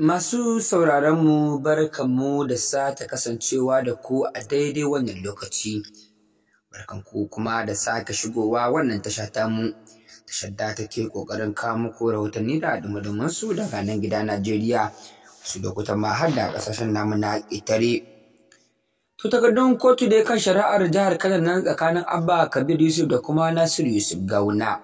Masu sauraronmu barkanmu da sake kasancewa da ku a daidai wannan lokaci. Barkanku kuma da sake shigowa wannan tasha tamu. Tashar da take ƙoƙarin kawo muku rahotanni da dumadumin su daga nan gida Najeriya, su lokutan ma har da ƙasashen namu na ƙetare. To takardun kotu dai kan shari'ar jihar Kano nan tsakanin Abba Kabir Yusuf da kuma Nasiru Yusuf Gawuna.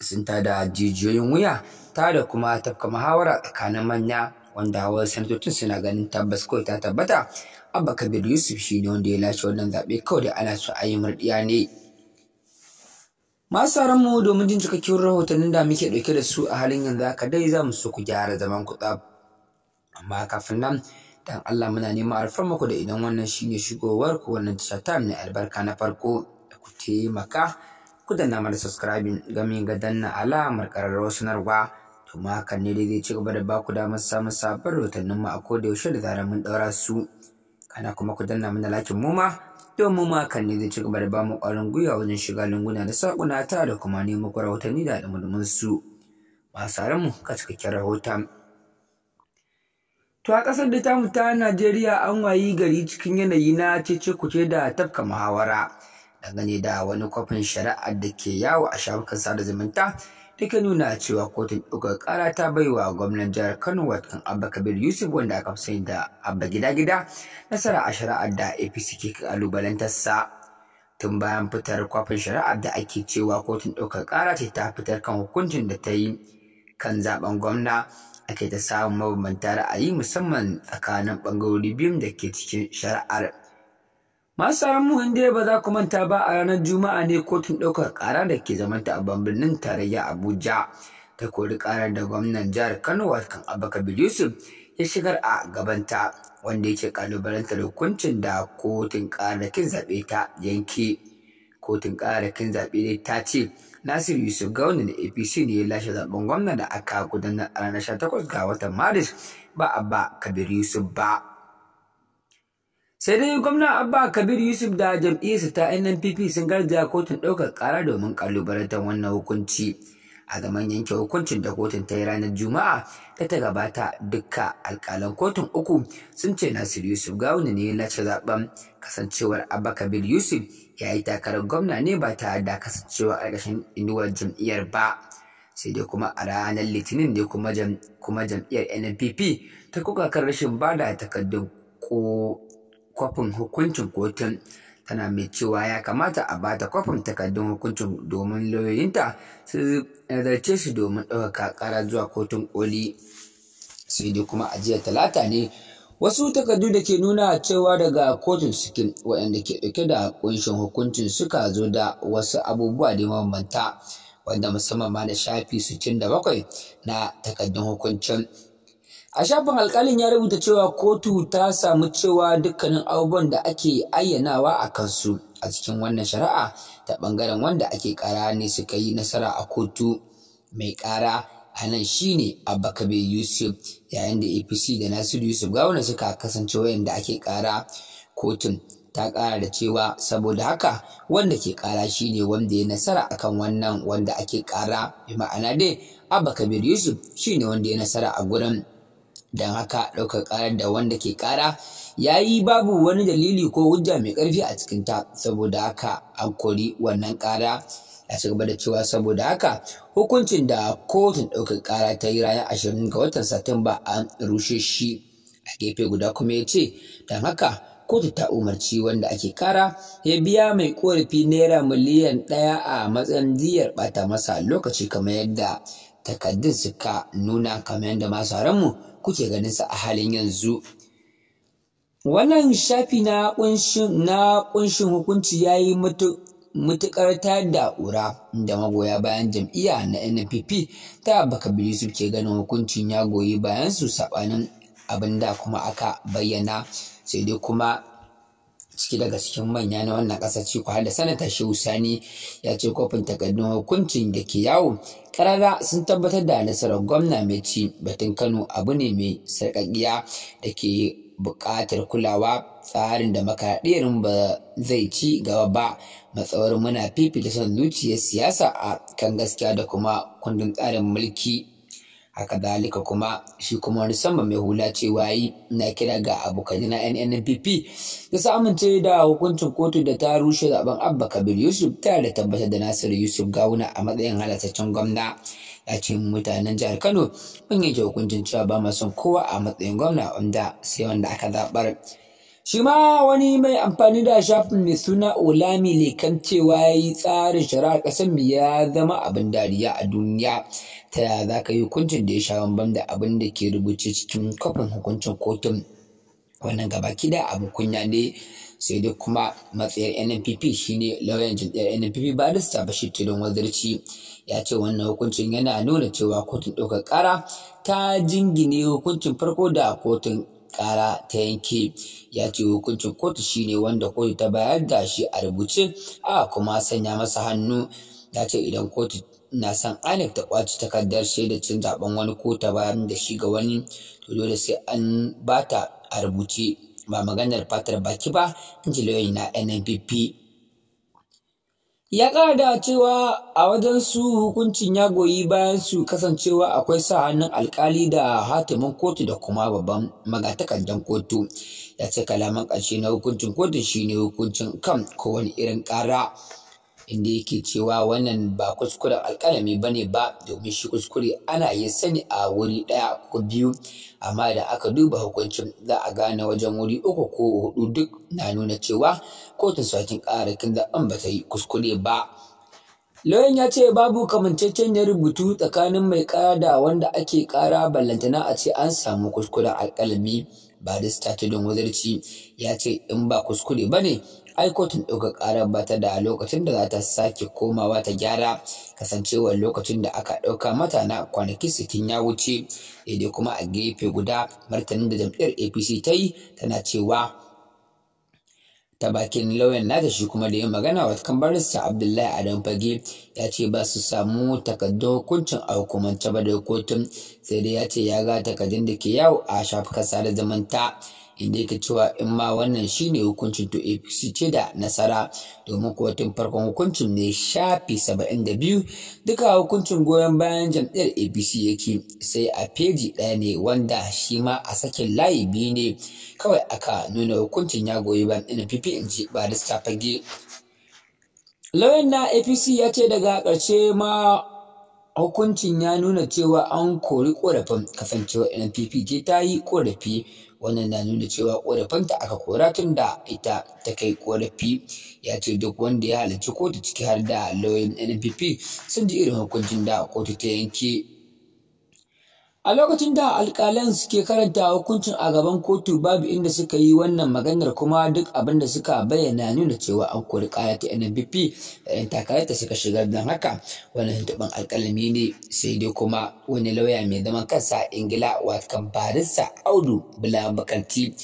sun tada jijiyoyin wuya ta da kuma tafka muhawara tsakanin manya wanda wasu sanatocin suna ganin tabbas kawai ta tabbata abba kabir yusuf shi ne wanda ya lashe wannan zaɓe kawai da ana so a yi murɗiya ne masu mu domin jin cikakkiyar rahotannin da muke ɗauke da su a halin yanzu haka dai za mu so ku gyara zaman ku amma kafin nan dan Allah muna neman muku da idan wannan shine shigowar ku wannan tasha ta na albarka na farko da ku taimaka ku da namar subscribing gami ga danna alamar ƙararrawar sanarwa to ma ne dai ci gaba da ba ku damar samun sabbin rahotannin mu a koda yaushe da zarar mun ɗaura su kana kuma ku danna mana lakin mu ma domin mu ne zai ci gaba da ba mu ƙwarin gwiwa wajen shiga lunguna da saƙuna ta da kuma nemo ku rahotanni da ɗumuɗumin su masu mu ka cikakken rahoton. To a ƙasar da tamu ta Najeriya an wayi gari cikin yanayi na cece kuce da tafka muhawara dangane da wani kwafin shari'ar da ke yawo a shafukan sada zumunta da ke nuna cewa kotun ɗaukar ƙara ta baiwa gwamnan jihar kano watan abba kabir yusuf wanda aka fi sani da abba gida gida nasara a shari'ar da apc ke kalubalantarsa tun bayan fitar kwafin shari'ar da ake cewa kotun ɗaukar ƙara ce ta fitar kan hukuncin da ta yi kan zaben gwamna ake ta samun mabambanta ra'ayi musamman tsakanin ɓangarori biyun da ke cikin shari'ar masu mu dai ba za ku manta ba a ranar juma'a ne kotun ɗaukar ƙara da ke zamanta a birnin tarayya abuja ta kori ƙarar da gwamnan jihar kano wakan abubakar yusuf ya shigar a gabanta wanda yake kalubalantar hukuncin da kotun ƙararrakin zaɓe ta yanke kotun ƙararrakin zaɓe ta ce Nasir Yusuf gauna da APC ne ya lashe zaɓen gwamna da aka gudanar a ranar 18 ga watan Maris ba a ba Kabir Yusuf ba. sai dai gwamna abba kabir yusuf da jam'iyyarsa ta nnpp sun garzaya kotun ɗaukar ƙara domin ƙalubalantar wannan hukunci a zaman yanke hukuncin da kotun ta yi ranar juma'a da ta gabata dukka alƙalan kotun uku sun ce Nasir yusuf gawuni ne na ci zaben kasancewar abba kabir yusuf ya yi takarar gwamna ne ba ta da kasancewa ƙarƙashin inuwar jam'iyyar ba sai dai kuma a ranar litinin ne kuma jam'iyyar nnpp ta kuka kan rashin bada takardun ko kwafin hukuncin kotun tana mai cewa ya kamata a bata kwafin takardun hukuncin domin lauyoyinta su nazarce shi domin ɗaukaka ƙara zuwa kotun koli sai dai kuma a jiya talata ne wasu takardu da ke nuna cewa daga kotun suke waɗanda ke ɗauke da ƙunshin hukuncin suka zo da wasu abubuwa da mabambanta wanda musamman ma da shafi 67 na takardun hukuncin a shafin alkalin ya rubuta cewa kotu ta samu cewa dukkanin abubuwan da ake ayyanawa a kansu a cikin wannan shari'a ta bangaren wanda ake kara ne suka yi nasara a kotu mai ƙara a nan shine abakabe yusuf yayin da apc da nasiru yusuf gawuna suka kasance wayanda ake kara kotun ta ƙara da cewa saboda haka wanda ke ƙara shine wanda ya nasara akan wannan wanda ake ƙara bi ma'ana dai abba kabir yusuf shine wanda ya nasara a gurin don haka ɗaukar ƙarar da wanda ke ƙara ya yi babu wani dalili ko hujja mai ƙarfi a cikinta saboda haka an kori wannan ƙara A ci gaba da cewa saboda haka hukuncin da kotun ɗaukar ƙara ta yi ranar ashirin ga watan satumba an rushe shi a gefe guda kuma ya ce don haka kotu ta umarci wanda ake kara ya biya mai korafi naira miliyan ɗaya a matsayin diyar ɓata masa lokaci kamar yadda takaddun suka nuna kamar yadda masu mu kuke ganin su a halin yanzu wannan shafi na kunshin na kunshin hukunci yayi mutukar ta da da magoya bayan jam'iyya na NPP ta Bakabir Yusuf ke ganin hukuncin ya goyi bayan su sabanin abin da kuma aka bayyana sai dai kuma ciki daga cikin manya na wannan ƙasa ci har da sanata shehu sani ya ce kofin takardun hukuncin da ke yawo karara sun tabbatar da nasarar gwamna mai ci batun kano abu ne mai sarƙaƙiya da ke buƙatar kulawa tsarin da makaɗerin ba zai ci gaba ba matsawar muna fifita son zuciyar siyasa a kan gaskiya da kuma kundin tsarin mulki haka dalika kuma shi kuma wani sama mai hula cewa yi na kira ga abokanai na NNPP da samun amince da hukuncin kotu da ta rushe zaben Abba Kabir Yusuf tare da tabbatar da Nasiru Yusuf Gawuna a matsayin halattaccen gwamna ya ce mutanen jihar Kano mun yanke hukuncin cewa ba ma son kowa a matsayin gwamna wanda sai wanda aka zabar shi ma wani mai amfani da shafin mai suna olami lekan cewa ya yi tsarin shari'ar ƙasar ya zama abin dariya a duniya ta yaya za ka yi hukuncin da ya sha bambam da abin da ke rubuce cikin kwafin hukuncin kotun wannan ki da abin kunya ne sai dai kuma matsayin nnpp shine lauyan jam'iyyar nnpp barista bashir tilon wazirci ya ce wannan hukuncin yana nuna cewa kotun ɗaukar ƙara ta jingine hukuncin farko da kotun ƙara ta yanke ya ce hukuncin kotu shine wanda kotu ta bayar da shi a rubuce a kuma sanya masa hannu ta ce idan kotu na son INEC ta kwaci takardar shaidar cin zaben wani ko ta bayar da shi ga wani to dole sai an ba ta a rubuce ba maganar fatar baki ba injiliyoyi na NNPP ya ƙara da cewa a wajen su hukuncin ya goyi bayan su kasancewa akwai sa hannun alkali da hatimin kotu da kuma babban magatakardan kotu ya ce kalaman ƙarshe na hukuncin kotun shine hukuncin kan kowane irin ƙara inda yake cewa wannan ba kuskuren alƙalami ba ne ba domin shi kuskure ana yin sani a wuri ɗaya ko biyu amma da aka duba hukuncin za a gane wajen wuri uku ko hudu duk na nuna cewa kotun sakin ƙararrakin zaɓen ba ta yi kuskure ba. Lauyan ya ce babu kamanceccen rubutu tsakanin mai ƙara da wanda ake ƙara ballantana a ce an samu kuskuren alƙalami. barista tudun wazirci ya ce in ba kuskure ba ne ai kotun ɗauka ƙarar ba ta da lokacin da za ta sake komawa ta gyara kasancewar lokacin da aka ɗauka mata na kwanaki sittin ya wuce daidai kuma a gefe guda martanin da jam'iyyar apc ta yi tana cewa ta bakin lauyan nata shi kuma da yin magana wata kan barista abdullahi adam fage ya ce ba su samu takaddun hukuncin a hukumance ba da kotun sai dai ya ce ya ga takaddun da ke yau a shafukan sada zamanta inda yake cewa in ma wannan shine hukuncin to apc ce da nasara domin kotun farkon hukuncin ne shafi saba'in da biyu duka hukuncin goyon bayan jam'iyyar apc yake sai a feji ɗaya ne wanda shi ma a sakin layi biyu ne kawai aka nuna hukuncin ya goyi ban ɗin pp in ji barista fage lauyan na apc ya ce daga ƙarshe ma Hukuncin ya nuna cewa an kori ƙorafin kasancewar NPP ce ta yi ƙorafi wannan na nuna cewa ƙorafinta aka kora tun da ita ta kai ƙorafi ya ce duk wanda ya halarci kotu ciki har da lauyan NPP sun ji irin hukuncin da kotu ta yanke a lokacin da alƙalan suke karanta hukuncin a gaban kotu babu inda suka yi wannan maganar kuma duk abin da suka bayyana nuna cewa an kori ƙara ta NNPP yan eh, takararta suka shigar don haka wani tuntuɓin alƙalami ne sai dai kuma wani lauya mai zaman kansa Ingila watakan barista Audu Bulabakanti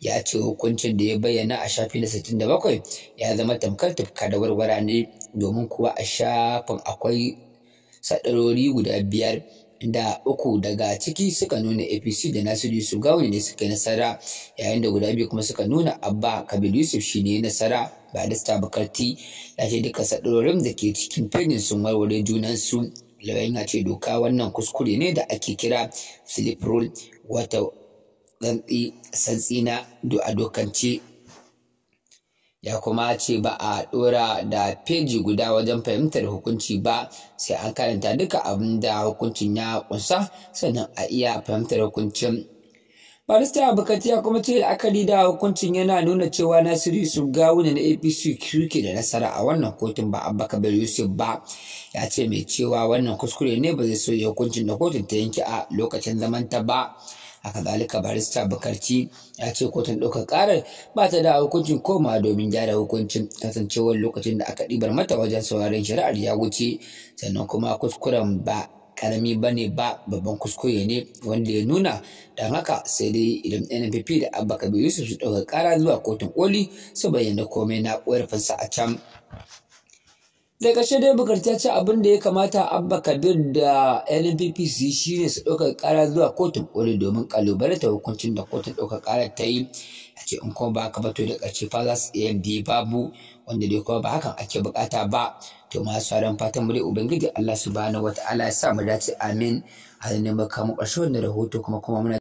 ya ce hukuncin da ya bayyana a shafi na 67 ya zama tamkar tufka da warwara ne domin kuwa a shafin akwai sadarori guda biyar inda uku daga ciki suka nuna apc da nasiru yusuf gawuni ne suka yi nasara yayin da guda biyu kuma suka nuna abba kabir yusuf shi ne nasara ba da bakarti da ce duka sadurorin da ke cikin fenin sun warware junansu lauyan ya ce doka wannan kuskure ne da ake kira slip rule wata santsi na a dokance ya kuma ce ba a dora da feji guda wajen fahimtar hukunci ba sai an karanta duka abin da hukuncin ya kunsa sannan a iya fahimtar hukuncin barista bukati ya kuma ce akali da hukuncin yana nuna cewa nasiru Yusuf gawuna na apc ke da nasara a wannan kotun ba abba kabir yusuf ba ya ce mai cewa wannan kuskure ne ba zai so hukuncin da kotun ta yanke a lokacin zamanta ba haka zalika barista bakarci ya ce kotun ɗaukar ƙarar ba ta da hukuncin koma domin gyara hukuncin kasancewar lokacin da aka ɗibar mata wajen sauraron shari'ar ya wuce sannan kuma kuskuren ba karami ba ne ba babban kuskure ne wanda ya nuna don haka sai dai idan nnpp da abba kabiru yusuf su ɗaukar ƙara zuwa kotun koli su bayyana komai na ƙorafinsa a can da ƙarshe dai bukarci ta ce abin da ya kamata abba kabir da nnpp su shine su ɗaukar ƙara zuwa kotun ƙoli domin ƙalubale ta hukuncin da kotun ɗaukar ƙara ta yi a ce in kuma ba ka ba to da ƙarshe fa za su iya bi babu wanda dai kuma ba hakan ake buƙata ba to masu sauran fatan mu ubangiji allah subhanahu wataala ya sa mu dace amin halin ne mu kama ƙarshe wannan rahoto kuma kuma muna